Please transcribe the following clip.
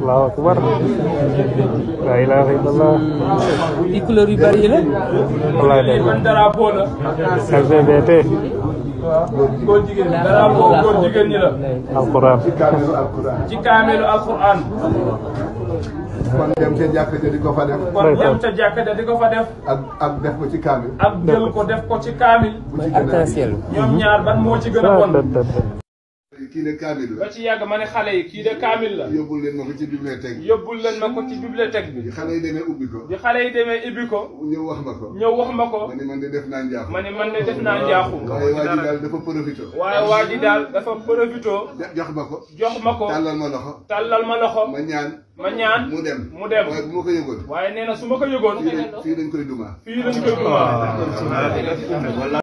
allahu akbar laa ilaaha illallah di couleur yu bari la wallaay day LGBT góor jigéen ñi dara boo góor jigéen ñi la. alquran. ci kaamilu alquran. kon dem ca jàkka ja di ko fa def. kon dem ca jàkka ja di ko fa def. ak ak def ko ci kaamil. ak jël ko def ko ci kaamil. bu ci gën a ñoom ñaar ban moo ci gën a bon. kii de kaamil la. ba ci yàgg ma ne xale yi kii de kaamil la. yóbbul leen ma ko ci bibliothèque bi. yóbbul leen ma ko ci bibliothèque bi. bi xale yi demee ubbi ko. bi xale yi demee ubbi ko. ñëw wax ma ko. ñëw wax ma ko. ma ne man de def naa njaaxum. ma ne man de def naa njaaxum. waaye waa ji daal dafa profité. waaye waa ji daal dafa profité. jox ma ko. jox ma ko tàllal ma loxo. tàllal ma loxo. ma ñaan. ma ñaan mu dem mu dem waaye bu ma ko yëgoon. waaye nee na su ma ko yëgoon. fii dañ koy dumaa. fii dañ koy dumaa.